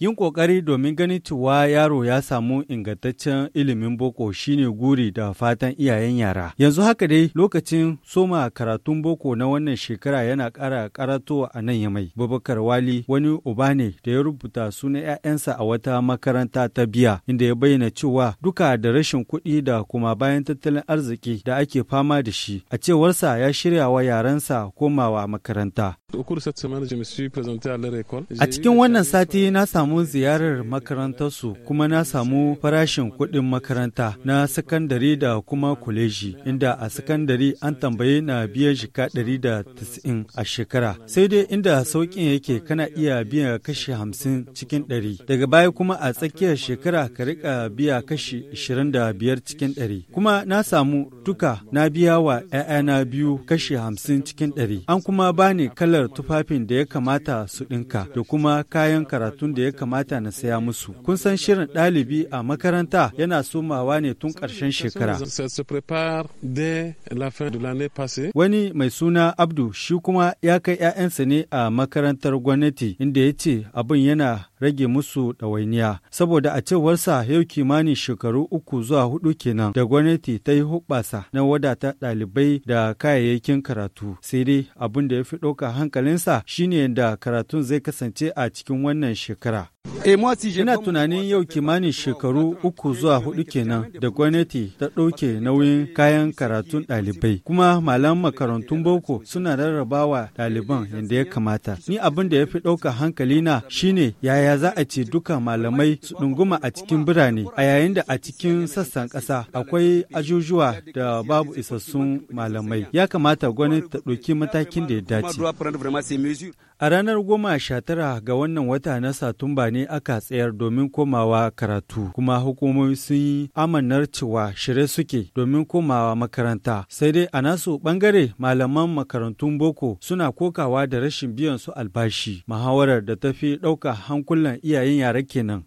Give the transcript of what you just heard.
Yin ƙoƙari domin ganin cewa yaro ya samu ingantaccen ilimin boko shine guri da fatan iyayen yara. Yanzu haka dai lokacin soma karatun boko na wannan shekara yana ƙara karato a nan yamai. Babakar Wali wani uba ne da ya rubuta sunan 'ya'yansa a wata makaranta ta biya inda ya bayyana cewa duka da rashin kuɗi da kuma bayan tattalin arziki da ake fama da shi. A cewarsa ya shirya wa yaransa komawa makaranta. A cikin wannan sati na samu ziyarar makarantarsu kuma na samu farashin kuɗin makaranta na sakandare da kuma kwaleji inda a sakandare an tambaye na biyan shika 190 a shekara sai dai inda sauƙin yake kana iya biya kashi 50 cikin 100 daga baya kuma a tsakiyar shekara ka rika biya kashi 25 cikin 100 kuma na samu duka na biya wa 'ya'yana biyu kashi 50 cikin 100 an kuma bani kalar kalar tufafin da ya kamata su ɗinka da kuma kayan karatun da ya kamata na saya musu. Kun san shirin ɗalibi a makaranta yana somawa ne tun ƙarshen shekara. Wani mai suna Abdu shi kuma ya kai 'ya'yansa ne a makarantar gwamnati inda ya ce abin yana rage musu ɗawainiya. Saboda a cewarsa yau kimanin shekaru uku zuwa hudu kenan da gwamnati ta yi hubasa na wadata ɗalibai da kayayyakin karatu. Sai dai abin da ya fi ɗauka hankalinsa shine da karatun zai kasance a cikin wannan shekara. Eh, Ina tunanin yau kimanin shekaru uku zuwa hudu kenan da gwamnati ta ɗauke nauyin kayan karatun ɗalibai, kuma malam makarantun boko suna rarrabawa ɗaliban yadda ya kamata. Ni abin da ya fi ɗauka hankalina shine yaya yaya za a ce duka malamai su ɗunguma a cikin birane a yayin da a cikin sassan ƙasa akwai ajujuwa da babu isassun malamai ya kamata gwamnati ta ɗauki matakin da ya dace a ranar goma sha tara ga wannan wata na satumba ne aka tsayar domin komawa karatu kuma hukumomi sun yi amanar cewa shirye suke domin komawa makaranta sai dai a nasu bangare malaman makarantun boko suna kokawa da rashin biyan su albashi muhawarar da ta fi ɗauka hankula alƙawullan iyayen yare kenan.